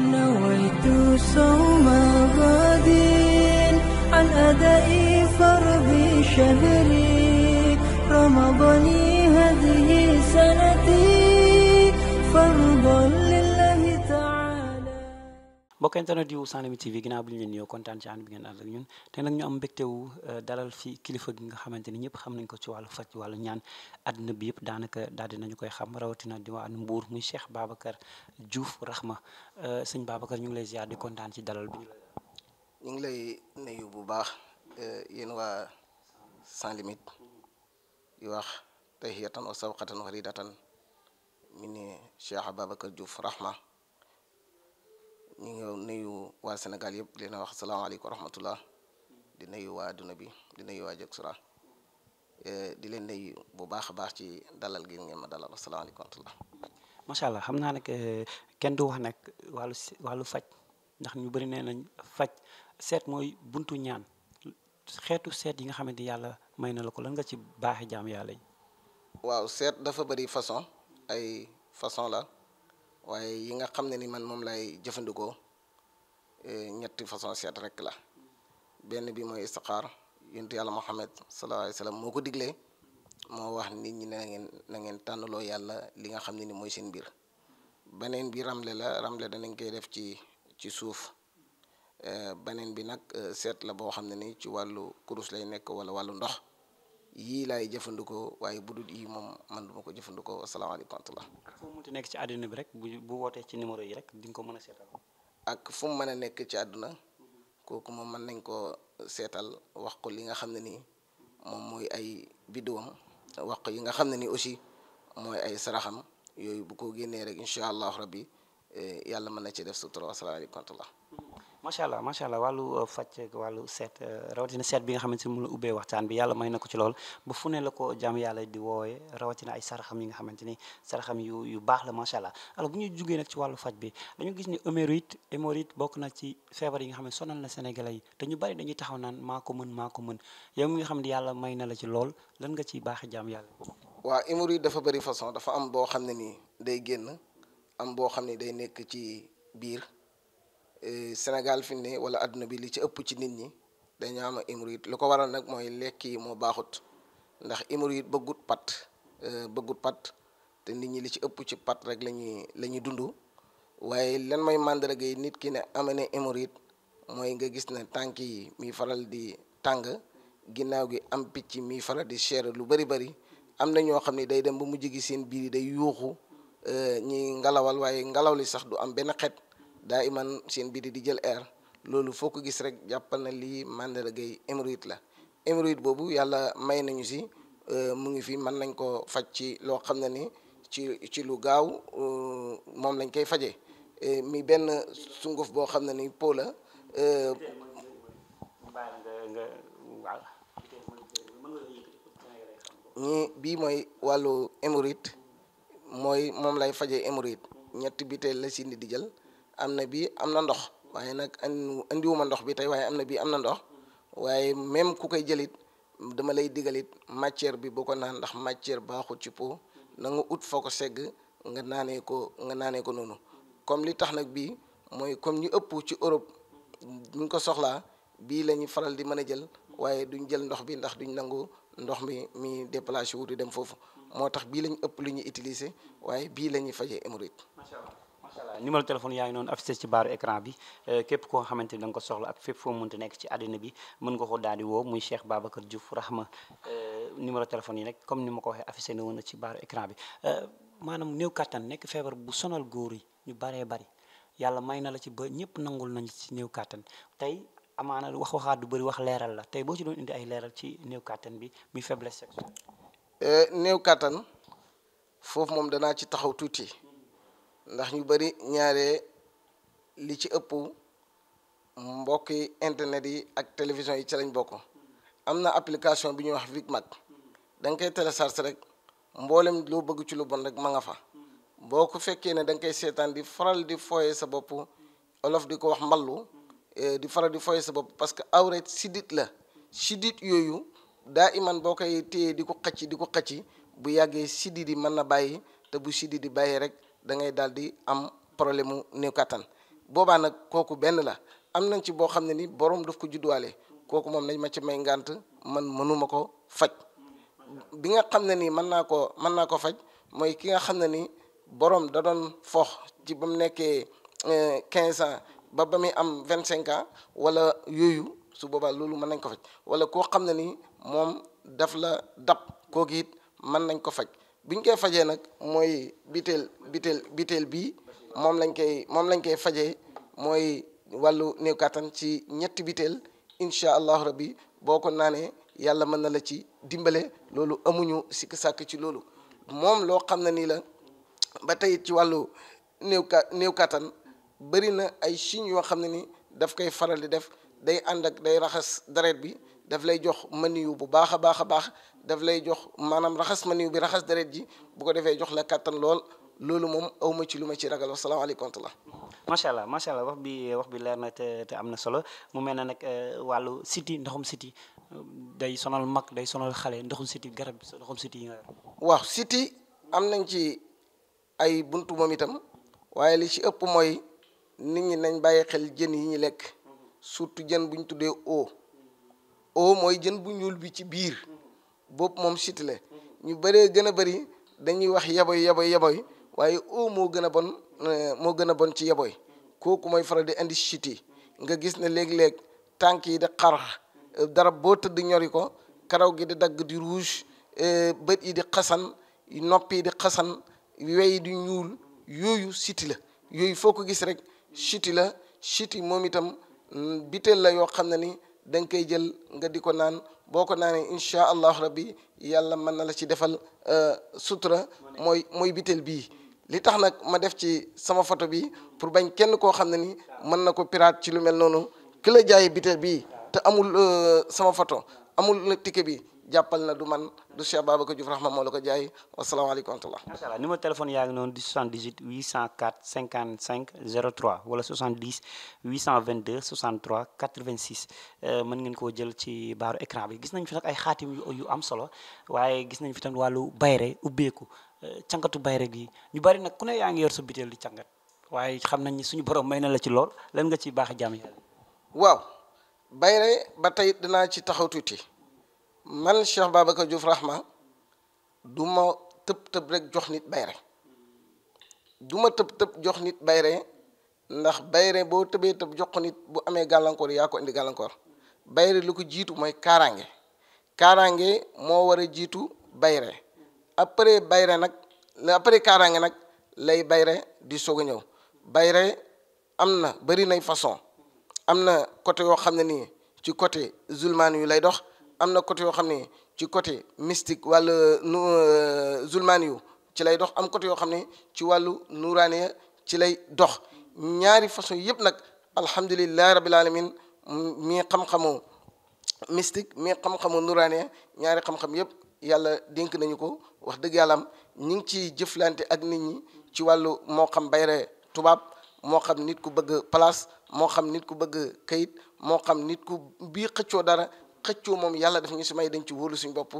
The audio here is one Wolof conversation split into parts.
نويت صوم غد عن أداء فرض شهري رمضان هذه سنتي mbokk internet yu Sans Limites TV ginnaaw bi ñu leen nuyoo kontaan ci ànd bi ngeen ànd ak ñun te nag ñu am mbégte euh, dalal fi kilifa gi nga xamante ni ñëpp xam nañ ko ci wàllu faj wàllu ñaan àddina bi yëpp daanaka daal di koy xam rawatina diwaanu Mbour muy Cheikh Babacar Diouf Rahma euh, sëñ Babacar ñu ngi lay ziar di kontaan ci dalal bi. ñu ngi lay nuyu bu baax euh, yéen waa Sans Limites di wax tahiyatan wa sawqatan wa ridatan min Cheikh Babacar Diouf ñu ngi nuyu waa Sénégal yëpp di leen wax salaamaaleykum wa rahmatullah di nuyu waa adduna bi di nuyu waa Diaksura eh, di leen nuyu bu baax a baax ci dalal gi ngeen ma dalal salaamaaleykum wa rahmatullah. macha xam naa nag eh, kenn du wax nag wàllu wàllu faj ndax ñu bari nee nañ faj seet mooy buntu ñaan xeetu seet yi nga xamante yàlla may na la ko lan nga ci baaxee jaam yàlla yi. waaw seet dafa bari façon ay façon la. waaye yi nga xam ne ni man moom laay jëfandikoo eh, ñetti façon seet rek la benn bi mooy istixaar yontu yàlla Muhammad sallallahu alayhi wa sallam moo ko diglee moo wax nit ñi na ngeen na ngeen tànnaloo yàlla li nga xam ne ni mooy seen mbir beneen bi ramle la ramle danañ koy def ci ci suuf eh, beneen bi nag eh, seet la boo xam ne ni ci wàllu kurus lay nekk wala wàllu ndox yii laay jëfandikoo waaye bu dul yii moom man du ma ko jëfandikoo asalaamaaleykum wa rahmatulah. foo munti nekk ci àdduna bi rek bu bu wootee ci numéro yi rek di ko mën a seetal. ak fu mu mën a nekk ci àdduna kooku moom mën nañ koo seetal wax ko li nga xam ne nii moom mooy ay biddiwam wax ko yi nga xam ne nii aussi mooy ay saraxam yooyu bu ko génnee rek incha allah rabbi eh, yàlla mën na ci def sutura asalaamaaleykum wa rahmatulah. macha allah macha allah wàllu euh, faj wàllu seet euh, rawatina seet bi nga xamante ni mu la ubbee waxtaan bi yàlla may na ko ci lool ba fu ne la ko jàmm yàlla di wooye rawatina ay saraxam yi nga xamante ni saraxam yu baax la macha allah alors bu na yi nga xam ne na Sénégalais yi te ñu bari dañuy taxaw naan maa ko mën maa ko mën yow na la ci lool lan nga ciy baaxee jàmm yàlla. waaw hémorroïde dafa bëri façon dafa am boo xam ne nii day génn am boo xam ne day nekk ci biir Eh, Sénégal fi ne wala adduna bi li ci ëpp ci nit ñi dañu am hémorroïde lu ko waral nag mooy lekk yi moo baaxut ndax hémorroïde bëggut pat eh, bëggut pat te nit ñi li ci ëpp ci pat rek la ñuy la ñuy dund waaye lan may màndarga yi nit ki ne amee na hémorroïde mooy nga gis ne tànk yi muy faral di tàng ginnaaw gi am picc muy faral di cher lu bari bari am na ñoo xam ne day dem ba mu gi seen biir yi day yuuxu eh, ñi ngalawal waaye ngalaw li sax du am benn xet daa iman seen biti di jël air loolu foo ko gis rek jàppal na lii màndargay hémorroïde la hémorroïde boobu yàlla may nañu si euh, mu ngi fi mën nañ ko faj ci loo xam ne ni ci ci lu gaaw euh, moom lañ koy faje euh, mi benn sunguf boo xam ne ni po la ñi bii mooy wàllu hémorroïde mooy moom lay faje hémorroïde ñetti biteel la si nit di jël am na bii am na ndox waaye nag andiwuma ndox bi tey waaye am na bii am na ndox waaye même ku koy jëlit dama lay digalit matière bi boo ko naan ndax matière baaxul ci po na ut foo ko segg nga naanee ko nga naanee ko noonu comme li tax nag bii mooy comme ñu ëpp ci Europe ñu ko soxlaa bii la ñu faral di mën a jël waaye duñ jël ndox bi ndax duñ nangu ndox mi mi déplacé wu di dem foofu moo tax bii lañ ëpp lu ñu utiliser waaye bii la ñuy fajee hémorroïde allah téléphone yaa ngi noonu affiché ci baaru écran bi euh, képp koo xamante ni da ko soxla ak fépp foo mënta nekk ci àddina bi mën nga ko daal di woo muy Cheikh Babacar Diouf rahma euh, numéro téléphone yi nag comme ni ma ko waxee affiché na woon ci baaru écran bi euh, maanaam néew kattan nekk feebar bu sonal góor yi ñu baree bari yàlla may na la ci ba ñëpp nangul nañ ci néew kàttan tey amaana wax waxaat du bëri wax leeral la tey boo ci doon indi ay leeral ci néew kattan bi muy faiblesse sexuelle. néew kattan foofu moom danaa ci taxaw tuuti. ndax ñu bari ñaare li ci ëpp mbokki internet yi ak télévision yi ci lañ bokk am na application bi ñuy wax Vicmac da nga koy télécharge rek mboolem loo bëgg ci lu bon rek ma nga fa boo ko fekkee ne da nga koy seetaan di faral di foye sa bopp olof di ko wax mballu eh, di faral di foye sa bopp parce que awret sidit la sidit yooyu daa iman boo koy téyee di ko xëcc di ko xëcc bu yàggee sidit yi mën na bàyyi te bu sidit di bàyyi rek da ngay daal di am problème mu néew kattan boobaa nag kooku benn la am nañ ci boo xam ne ni borom daf ko judduwaale kooku moom nañ ma ci may ngànt man mënuma ko faj bi nga xam ne nii mën naa koo mën naa ko faj mooy ki nga xam ne ni borom da doon foox ci ba mu nekkee euh, quinze ans ba ba muy am vingt cinq ans wala yooyu su boobaa loolu mën nañ ko faj wala koo xam ne ni moom daf la dab kooku it mën nañ ko faj bi koy fajee nag mooy biteel biteel biteel bii moom lañ koy moom lañ koy fajee mooy wàllu néew kàttan ci ñetti biteel incha allahu rabbi boo ko naanee yàlla mën na la ci dimbale loolu amuñu sikk sàkk ci loolu moom loo xam ne nii la ba tey ci wàllu néew ka néew kàttan bëri na ay signes yoo xam ne ni daf koy faral di def day ànd ak day raxas deret bi daf lay jox maniyu bu baax a baax a baax daf lay jox maanaam raxas ma niw bi raxas deret ji bu ko defee jox la kàttan lool loolu moom awma ci lu ma ci ragal wasalaamaaleykum wa macha allah macha allah wax bi leer na te te am na solo mu mel ne nag euh, wàllu siti ndoxum siti day sonal mag day sonal xale ndoxum siti garab bi ndoxum siti yi nga waaw siti am nañ ci ay buntu moom itam waaye li ci ëpp mooy nit ñi nañ bàyyi xel jën yi ñu lekk surtout jën bu ñu tuddee o o mooy jën bu ñuul bi ci biir boobu moom chute la ñu bëree gën a bëri dañuy wax yaboy yaboy yaboy waaye o moo gën a bon euh, moo gën a bon ci yaboy kooku mooy faral di indi chute nga gis ne léeg-léeg tànk yi di xar euh, dara boo tëdd ñori ko karaw gi di dagg di rouge euh, bët yi di xasan nopp yi di xasan wey di ñuul yooyu chute la yooyu foo ko gis rek chute la chute yi moom itam mm, biteel la yoo xam ne ni da nga koy jël nga di ko naan boo ko naanee incha allahu rabbi yàlla mën na la ci defal euh, sutura mooy mooy bitel bii li tax nag ma def ci sama photo bi pour bañ kenn koo xam ne ni mën na ko pirate ci lu mel noonu ki la jaayee bitel bii te amul euh, sama photo amul ticket bi jàppal na du man du Cheikh Babacar Diouf Rahma moo la ko jaay wasalaamaaleykum wa rahmatulah. macha allah numéro téléphone yaa ngi noonu di 78 804 55 03 wala 70 822 63 86 mën ngeen koo jël ci baaru écran bi gis nañ fi nag ay xaatim yu am solo waaye gis nañ fi tam wàllu bayre ubbeeku euh, càngatu bayre gi ñu bari nag ku ne yaa ngi yor sa butéel di càngat waaye xam nañ ni suñu borom may na la ci lool lan nga ci baax a jàmm yàlla. waaw bayre ba tey dinaa ci taxaw tuuti. man Cheikh Babacar Diouf Rahma du ma tëb tëb rek jox nit bayre du ma tëb tëb jox nit bayre ndax bayre boo tëbee tëb jox ko nit bu amee gàllankoor yaa ko indi gàllankoor bayre lu ko jiitu mooy kaaraange kaaraange moo war a jiitu bayre après bayre nag après kaaraange nag lay bayre di soog a ñëw bayre am na bëri nay façon am na côté yoo xam ne nii ci côté zulmaan yu lay dox am na côté yoo xam ne ci côté mystique wala nu euh, zulmaani yu ci lay dox am côté yoo xam ne ci wàllu nuuraaniya ci lay dox ñaari façon yëpp nag alhamdulilahi rabil alamin mi xam-xamu mystique mi xam-xamu nuuraaniya ñaari xam-xam yëpp yàlla dénk nañu ko wax dëgg yàlla am ñu ngi ciy jëflante ak nit ñi ci wàllu moo xam bayre tubaab moo xam nit ku bëgg place moo xam nit ku bëgg kayit moo xam nit ku bii xëccoo dara xëccoo moom yàlla def ñu si may dañ ci wóolu suñ bopp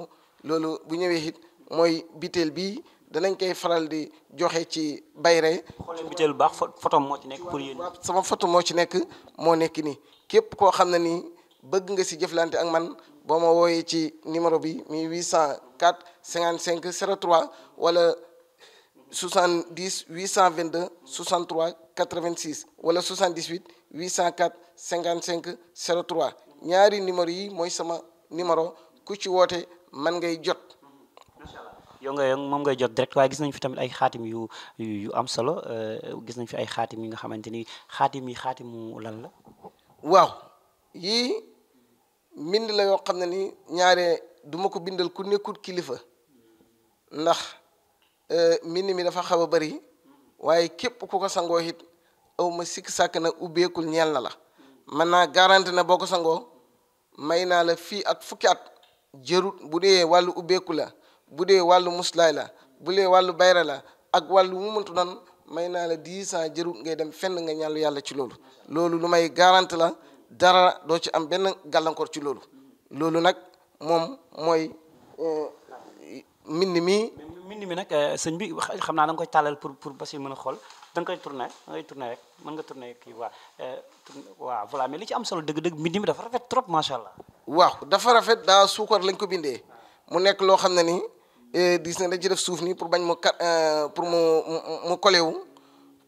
loolu bu ñëwee it mooy biteel bi danañ koy faral di joxe ci bayre xoolal biteel bu baax photo moo ci nekk pour yéen sama photo moo ci nekk moo nekk ni képp koo xam ne ni bëgg nga si jëflante ak man boo ma wooyee ci numéro bi mi 804 55 03 wala 70 822 63 86 wala 78 804 55 03 ñaari numéro yi mooy sama numéro ku ci woote man ngay jot. macha allah yow nga yow moom ngay jot direct waaye gis nañ fi tamit ay xaatim yu yu am solo euh, gis nañ fi ay xaatim yi nga xamante ni xaatim yi xaatimu lan la. waaw yii mbind la yoo xam ne ni ñaare duma ko bindal ku nekkul kilifa ndax euh, mbind mi dafa xaw a bari waaye képp ku ko sangoo it aw ma sikk sàkk na ubbeekul ñeel na la man naa garanti na boo ko sangoo. may naa la fii ak fukki at jërut bu dee wàllu ubbeeku la bu dee wàllu muslaay la bu dee wàllu bayra la ak wàllu mu mëntu nan may naa la dix ans jërut ngay dem fenn nga ñaalu yàlla ci loolu loolu lu may garanti la dara doo ci am benn gàllankoor ci loolu loolu nag moom mooy euh, mbind mi mbind mi nag euh, sëñ bi xam naa da nga koy tàllal pour pour Bachir mën a xool da nga koy tourné da ngay tourné rek mën nga tourné kii waa euh, waaw voilà mais li ci am solo dëgg-dëgg mbind mi dafa rafet trop macha allah. waaw dafa rafet daa suukar lañ ko bindee mu nekk loo xam ne ni eh, gis na dañ ci def suuf nii pour bañ mu kat euh, pour mu mu collé wu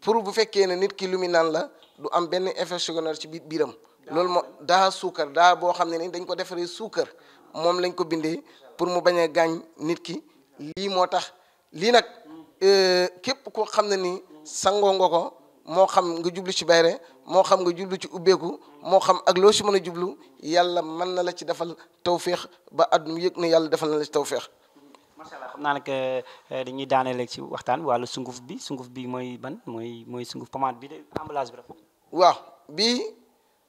pour bu fekkee ne nit ki lu muy naan la du am benn effet secondaire ci biir biiram. loolu moo daa suukar daa boo xam ne ni dañ ko defaree suukar moom lañ ko bindee pour mu bañ a gaañ nit ki lii moo tax lii nag euh, képp koo xam ne nii. sangoo nga ko moo xam nga jublu ci bayre moo xam nga jublu ci ubbeeku moo xam ak loo si mën a jublu yàlla man na la ci defal tawféex ba àdduna yëg ne yàlla defal na la ci tawféex. macha allah xam naa nag euh, dañuy daaneeleeg ci waxtaan wàllu sunguf bi sunguf bi mooy ban mooy mooy sunguf pommade bi de emballage bi rek. waaw bi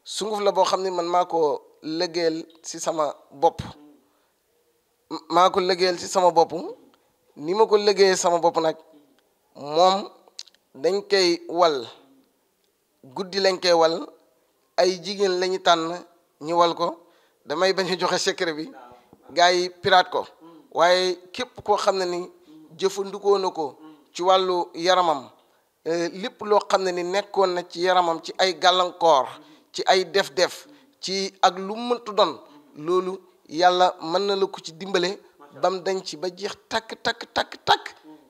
sunguf la boo xam ne man maa ko lëggeel si sama bopp maa ko lëggeel si sama bopp ni ma ko lëggee sama bopp nag moom. dañ koy wal guddi lañ koy wal ay jigéen lañu tànn ñu wal ko damay bañ joxe secret bi gars yi piraat ko waaye képp koo xam ne ni jëfandikoo na ko ci wàllu yaramam eh, lépp loo xam ne ni nekkoon na ci yaramam ci ay gàllankoor ci ay def-def ci ak lu mëntu doon loolu yàlla mën na la ko ci dimbale bam dañ ci ba jeex takk takk takk takk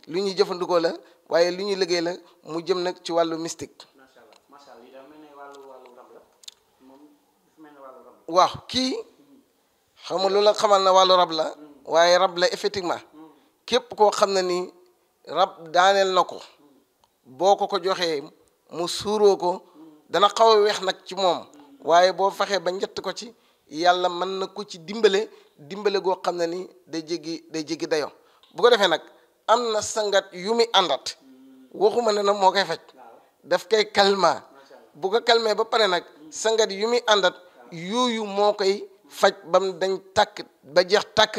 lu ñuy jëfandikoo la waaye li ñuy liggéey la mu jëm nag ci wàllu mystique. waaw kii xam nga loolu xamal na wàllu rab la waaye rab la effectivement képp koo xam ne ni rab daaneel na ko boo ko ko joxee mu suuroo ko dana xaw a weex nag ci moom waaye boo faxee ba njett ko ci yàlla mën na ko ci dimbale dimbale goo xam ne ni day jéggi day jéggi dayo bu ko defee nag am na sangat yu muy àndat waxuma ne nag moo koy faj daf koy calmer bu ko calmer ba pare nag sangat yu muy àndat yooyu moo koy faj bam dañ tàkk ba jeex takk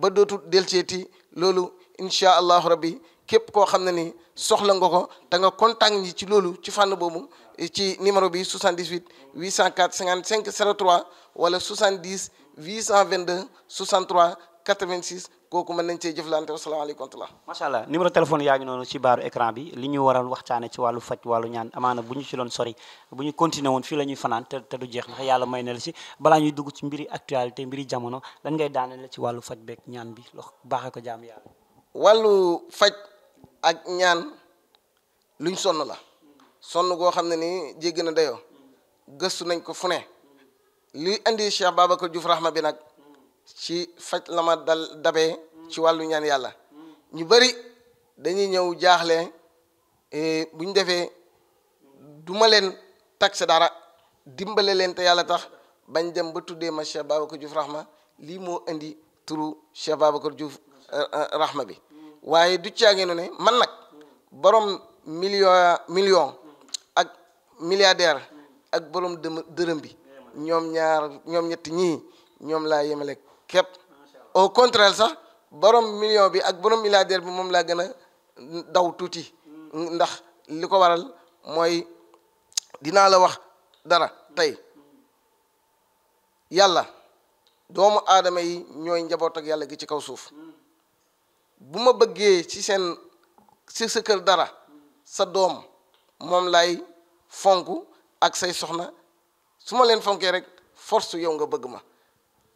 ba dootul delceeti loolu incha allahu rabbi képp koo xam ne ni soxla nga ko da nga contact ñi ci loolu ci fànn boobu ci numéro bi 78 804 55 03 wala 70 822 63 86 kooku mën nañ cee jëflante wasalaamaaleykum wa rahmatulah. macha allah numéro téléphone yaa ngi noonu ci baaru écran bi li ñu waral waxtaane ci wàllu faj wàllu ñaan amaana bu ñu ci doon sori bu ñu continué woon fii la ñuy fanaan te du jeex ndax yàlla may na la si balaa ñuy dugg ci mbiri actualité mbiri jamono lan ngay daanale ci wàllu faj beeg ñaan bi loo baaxee ko jaam yàlla. wàllu faj ak ñaan luñ sonn la sonn goo xam ne nii jéggi na dayoo gëstu nañ ko fu ci faj la ma dal dabee ci wàllu ñaan yàlla ñu bëri dañuy ñëw jaaxle e, bu ñu defee duma ma leen taxe dara dimbale leen te yàlla tax bañ dem ba tuddee ma Cheikh Babacar Diouf Rahma lii moo indi turu Cheikh Babacar Diouf e, e, Rahma bi waaye du caageenu ne man nag boroom million million ak milliardaire ak borom dërëm bi ñoom ñaar ñoom ñett ñii ñoom laa yemalek képp au contraire sax borom million bi ak borom milliardaire bi moom laa gën a daw tuuti hmm. ndax li ko waral mooy dinaa la wax dara tey hmm. yàlla doomu aadama yi ñooy njaboot ak yàlla gi ci kaw suuf hmm. bu ma bëggee ci seen ci sa kër dara sa doom moom lay fonk ak say soxna su ma leen fonkee rek force yow nga bëgg ma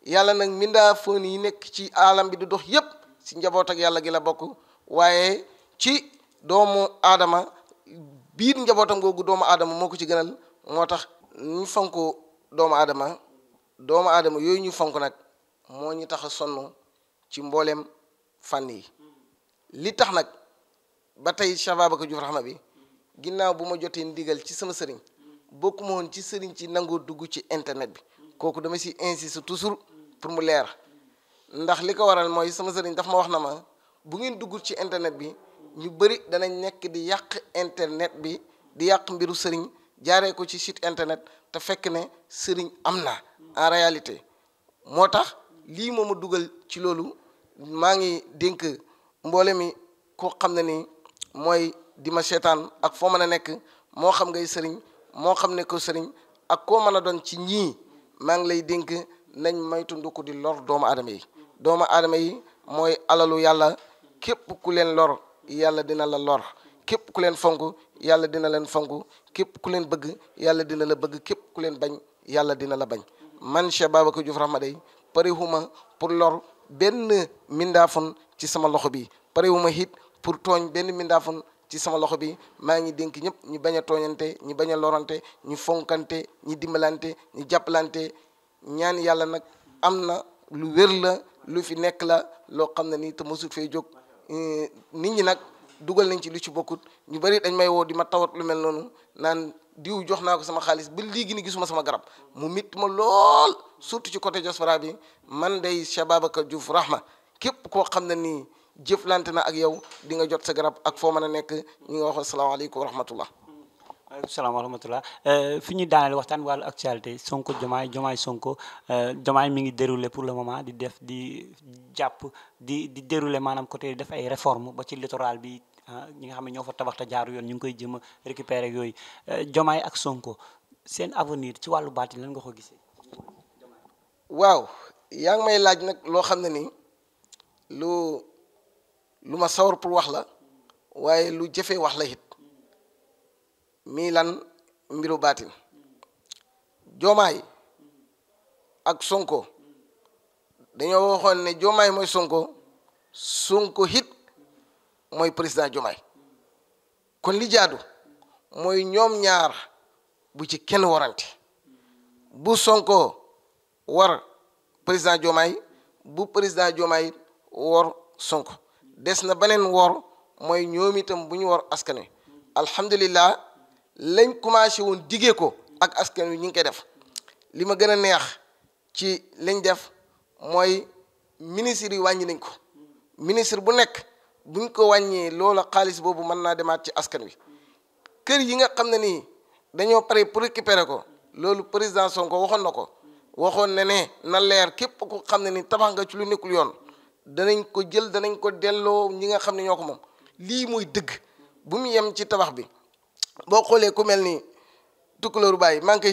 yàlla nag mindaafoon yi nekk ci aalam bi du dox yépp ci njaboot yàlla gi la bokk waaye ci doomu aadama biir njabootam googu doomu aadama moo ko ci gënal moo tax ñu fonko doomu aadama doomu aadama yooyu ñu fonk nag moo ñu tax sonn ci mbooleem fànn yi li tax nag ba tey Cheikh Babacar Diouf rahma bi ginnaaw bu ma jotee ndigal ci sama sëriñ bokkuma woon ci sëriñ ci nangoo dugg ci internet bi kooku dama si insiste toujours pour mu leer ndax li ko waral mooy sama sëriñ daf ma wax na ma bu ngeen duggul ci internet bi ñu bëri danañ nekk di yàq internet bi di yàq mbiru sëriñ jaaree ko ci site internet te fekk ne sëriñ am na en réalité moo tax lii mooma dugal ci loolu maa ngi dénk mboole mi koo xam ne ni mooy di ma seetaan ak foo mën a nekk moo xam ngay sëriñ moo xam ne ko sëriñ ak koo mën a doon ci ñii maa ngi lay dénk nañ maytunduko di lor doomu adama yi doomu aadama yi mooy alalu yàlla képp ku leen lor yàlla dina la lor képp ku leen fonk yàlla dina leen fonk képp ku leen bëgg yàlla dina la bëgg képp ku leen bañ yàlla dina la bañ man Cheikh Babacar Diouf Rahma day parewuma pour lor benn mindaafun ci sama loxo bi parewuma hit pour tooñ benn mindaafun ci sama loxo bi maa ngi dénk ñëpp ñu bañ a tooñante ñu bañ a lorante ñu fonkante ñu dimbalante ñu jàppalante ñaan yàlla nag am na lu wér la lu fi nekk la loo xam ne ni te mosut fay jóg eh, nit ñi nag dugal nañ ci lu ci bokkut ñu bari dañ may woo di ma tawat lu mel noonu naan diw jox naa ko sama xaalis ba léegi ni gisuma sama garab mu mit ma lool surtout ci côté diaspora bi man day Cheikh Babacar Diouf Rahma képp koo xam ne nii jëflante na ak yow di nga jot sa garab ak foo mën a nekk ñu ngi wax asalaamaaleykum wa rahmatullah waaleykum salaam wa euh, fi ñu daaneel waxtaan wàllu actualité Sonko Jomaay Jomaay Sonko Jomaay euh, mi ngi déroulé pour le moment di def di jàpp di di déroulé maanaam côté def ay réforme ba ci littoral bi ah, ñi nga xam ne ñoo fa tabax te jaaru yoon ñu ngi koy jëm a récupérer yooyu Jomaay euh, ak Sonko seen avenir ci wàllu baati lan nga ko gisee. waaw yaa ngi may laaj nag loo xam ne ni lu lu ma sawar pour wax la waaye lu jëfee wax la mii lan mbiru baatin joomaay ak sonko dañoo waxoon ne joomaay mooy sonko sunko hit mooy président joomaay kon li mooy ñoom ñaar bu ci kenn warante bu sonko war président joomaay bu président joomaay war sonko des na beneen wor mooy ñoom itam bu ñu war askan wi lañ commencé woon diggee ko ak askan wi ñu ngi koy def li ma gën a neex ci lañ def mooy ministre yi wàññi nañ ko ministre bu nekk buñ ko wàññee loola xaalis boobu man naa demaat ci askan wi kër yi nga xam ne nii dañoo pare pour récupérer ko loolu président Sonko waxoon na ko waxoon na ne na leer képp ko xam ne ni tabax nga ci lu nekkul yoon danañ ko jël danañ ko delloo ñi nga xam ne ñoo ko moom lii mooy dëgg bu mu yem ci tabax bi boo xoolee ku mel ni tukulóoru bàyyi maa ngi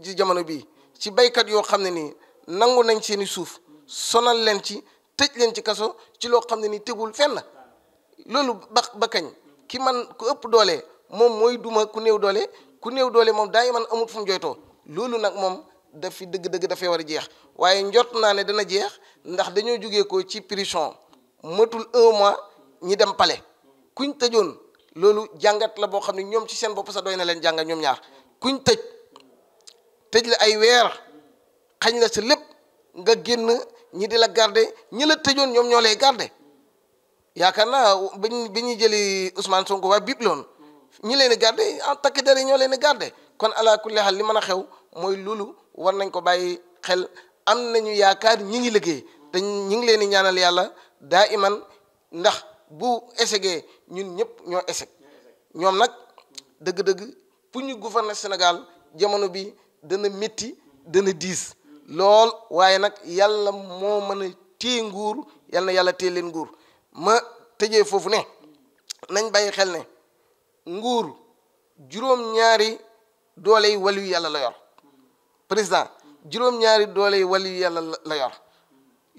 koy jamono bii ci baykat yoo xam ne nii nangu nañ seeni suuf sonal leen ci tëj leen ci kaso ci loo xam ne nii tegul fenn loolu ba ba kañ ki man ku ëpp doole moom mooy duma ku néew doole ku néew doole moom daa man amul fu mu loolu nag moom daf fi dëgg-dëgg dafay war a jeex waaye njot naa ne dana jeex ndax dañoo jógee ko ci prison matul un mois ñi dem palais kuñ tëjoon loolu jàngat la boo xam ne ñoom ci seen bopp sax doy na leen jànga ñoom ñaar kuñ tëj tëj la ay weer xañ la sa lépp nga génn ñi di la garde ñi la tëjoon ñoom ñoo lay garde yaakaar naa bañ bi ñuy jëli Ousmane Sonko waa bib loon ñi leen di garde en takk der ñoo leen di garde kon ala kulli xal li mën a xew mooy loolu war nañ ko bàyyi xel am nañu yaakaar ñi ngi liggéey te ñi ngi leen di ñaanal yàlla daa iman ndax bu échegee ñun ñëpp ñoo échec ñoom nag dëgg-dëgg pour ñu gouverner Sénégal jamono bi dana métti dana diis lool waaye nag yàlla moo mën a téye nguur yàlla yàlla téye leen nguur ma tëjee foofu ne nañ bàyyi xel ne nguur juróom-ñaari doole yi waliyu yàlla la yor président juróom-ñaari doole yi waliyu yàlla la yor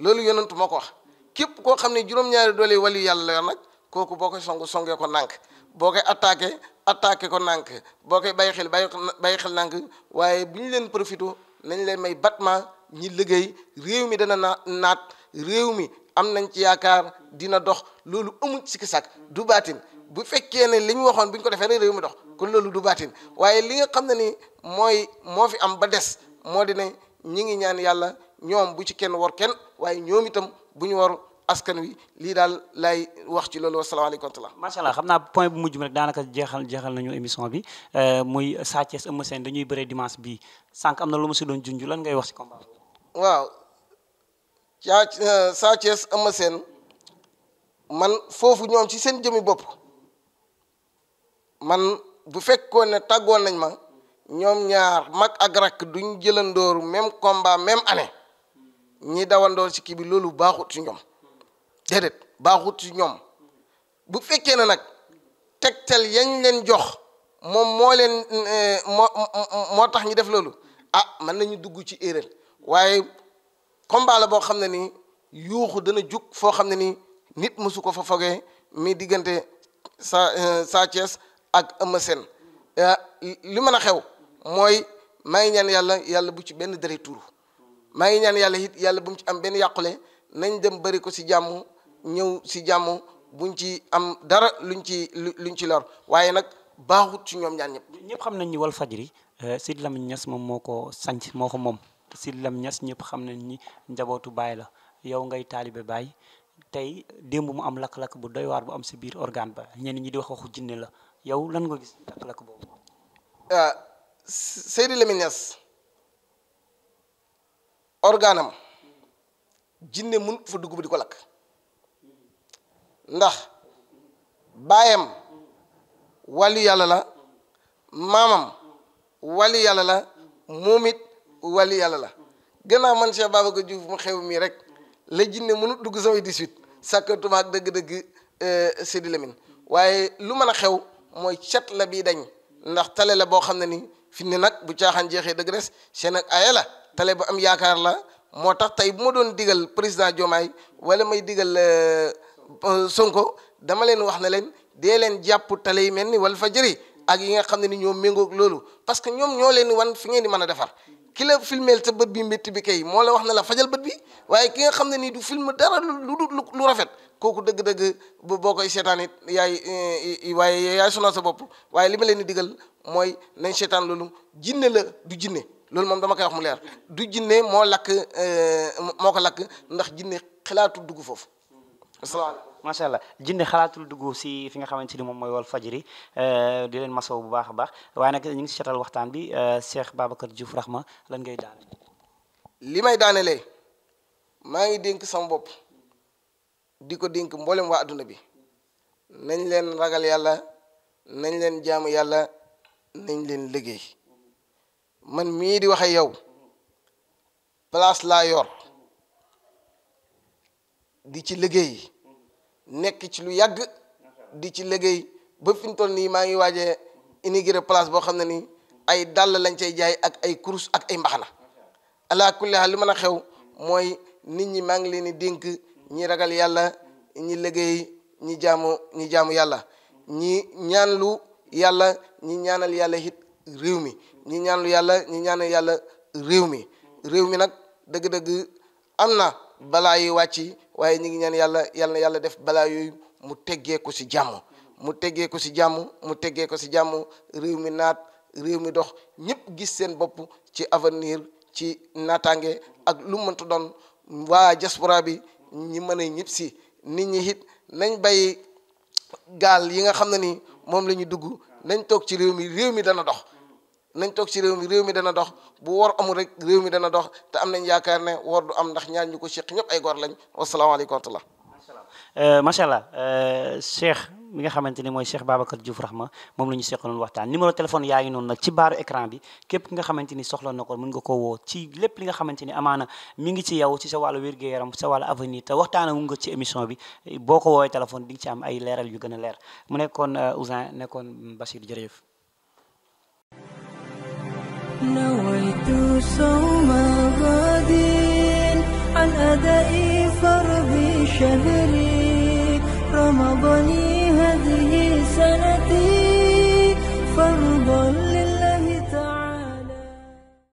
loolu yonentu moo ko wax képp koo xam ne juróom-ñaari doole wali yàlla nag kooku boo koy song songee ko nànk boo koy attaqué attaqué ko nànk boo koy bàyyi xel bàyyi xel nànk waaye bu ñu leen profito nañ leen may batma ñi liggéey réew mi dana na naat réew mi am nañ ci yaakaar dina dox loolu amul sikki sàkk du baatin bu fekkee ne li ñu waxoon bu ñu ko defee rek réew mi dox kon loolu du baatin waaye li nga xam ne ni mooy moo fi am ba des moo di ne ñi ngi ñaan yàlla ñoom bu ci kenn war kenn bu ñu war askan wi lii daal laay wax ci loolu wasalaamaaleykum wa rahmatulah. macha la xam naa point bu mujj bi rek daanaka jeexal jeexal nañu émission bi euh, muy Sa Thiès Eumeu dañuy bëree dimanche bii sànq am na lu ma si doon junju lan ngay wax si combat waaw caa euh, man foofu ñoom ci seen jëmi bopp man bu fekkoon ne tàggoon nañ ma ñoom ñaar mag ak rakk duñ jëlandoor même combat même année. ñi dawandoo ci kii bi loolu baaxut ci ñoom déedéet baaxut ci ñoom bu fekkee ne nag tegtel yañ leen jox moom moo leen eh, moo tax ñu def loolu ah mën nañu dugg ci erreur waaye combat la boo xam ne nii yuuxu dana jug foo xam ne ni nit mësu ko fa fogee mi diggante sa eh, Sa Thiès ak Eumeu Sène eh, li mën a xew mooy may ñaan yàlla yàlla bu ci benn deret maa ngi ñaan yàlla it yàlla bu mu ci am benn yàqule nañ dem bari ko si jàmm ñëw si jàmm buñ ci am dara luñ ci luñ ci lor waaye nag baaxut ci ñoom ñaan ñëpp. xam nañ ni wal fajri euh, Sidi Lamine Niass moom moo ko sanc moo ko moom Sidi Lamine Niass ñëpp xam nañ ni njabootu baay la yow ngay taalibe bàyyi tey démb mu am lakk-lakk bu doy waar bu am si biir organe ba ñenn ñi di wax waxu jinne la yow lan nga gis lakk-lakk boobu. Euh, Sidi Lamine Niass organam am jinne mun fa dugg ba di ko lakk ndax baayam wàllu yàlla la maamam wàllu yàlla la moom it wàllu yàlla la gannaaw man Cheikh Babacar Diouf mu xew mii rek la jinne mënut dugg samay 18 sàkkatuma ak dëgg-dëgg euh, Sidi lemin waaye lu mën a xew mooy cat la bii dañ ndax tale la boo xam ne ni fi ne nag bu caaxaan jeexee dëgg des seen ak aaya la télé bu am yaakaar la moo tax tey bu ma doon digal président Diomaye wala may digal euh, euh, Sonko dama leen wax na leen dee leen jàpp télé yi mel ni Walfadjri ak yi nga xam ne ni ñoo méngoog loolu parce que ñoom ñoo leen wan fi ngeen di mën a defar ki la filmeel sa bët bi métti bi kay moo la wax na la fajal bët bi waaye ki nga xam ne nii du film dara lu du lu rafet kooku dëgg-dëgg boo koy seetaan it yaay waaye yaay sonal sa bopp waaye li ma leen di digal mooy nañ seetaan loolu jinne la du jinne loolu moom dama koy wax mu leer du jinne moo lakk euh, moo ko lakk ndax jinne xalaatul dugg foofu asalaamaaleykum macha allah jinne xalaatul dugg si fi nga xamante ni moom mooy wal fajiri euh, di leen masow bu baax a baax waaye nag ñu ngi si catal waxtaan bi euh, Cheikh Babacar Diouf Rahma lan ngay daane li may daanelee maa ngi dénk sama bopp di ko dénk mboolem waa adduna bi nañ leen ragal yàlla nañ leen jaamu yàlla nañ leen liggéey man mii di waxe yow place laa yor di ci liggéey nekk ci lu yàgg di ci liggéey ba fi nii maa ngi waaje immigré place boo xam ne nii ay dàll lañ cay jaay ak ay kurus ak ay mbaxana ala kulli li mën a xew mooy nit ñi maa ngi leen di dénk ñi ragal yàlla ñi liggéey ñi jaamu ñi jaamu yàlla ñi ñaanlu yàlla ñi ñaanal yàlla it réew mi ñi ñaanlu yàlla ñi ñaanal yàlla réew mi réew mi nag dëgg-dëgg am na balaa yi wàcc waaye ñi ngi ñaan yàlla yàlla yàlla def bala yooyu mu teggee ko si jàmm mu teggee ko ci jàmm mu teggee ko si jàmm réew mi naat réew mi dox ñëpp gis seen bopp ci avenir ci naataange ak lu mënta doon waa diaspora bi ñi mën a ñëpp si nit ñi it nañ bay gaal yi nga xam ne ni moom lañuy dugg nañ toog ci réew mi réew mi dana dox nañ toog ci réew mi réew mi dana dox bu wor amul rek réew mi dana dox te am nañ yaakaar ne war du am ndax ñaar ñu ko séq ñëpp ay gor lañ wasalaamaaleykum wa rahmatulah. Euh, macha allah euh, Cheikh nga xamante ni mooy Cheikh Babacar Diouf Rahma moom la ñu seqaloon waxtaan numéro téléphone yaa ngi noonu nag ci baaru écran bi képp nga ni soxla na ko mën nga ko woo ci lépp li nga xamante ni amaana mi ngi ci yow ci sa wàllu wér-gu-yaram sa wàllu avenir te waxtaana nga ci émission bi boo ko woowee téléphone di nga ci am ay leeral yu gën a leer mu nekkoon euh, Ousin nekkoon Bachir jërëjëf نويت صوم غد عن أداء فرض شهري رمضان هذه سنتي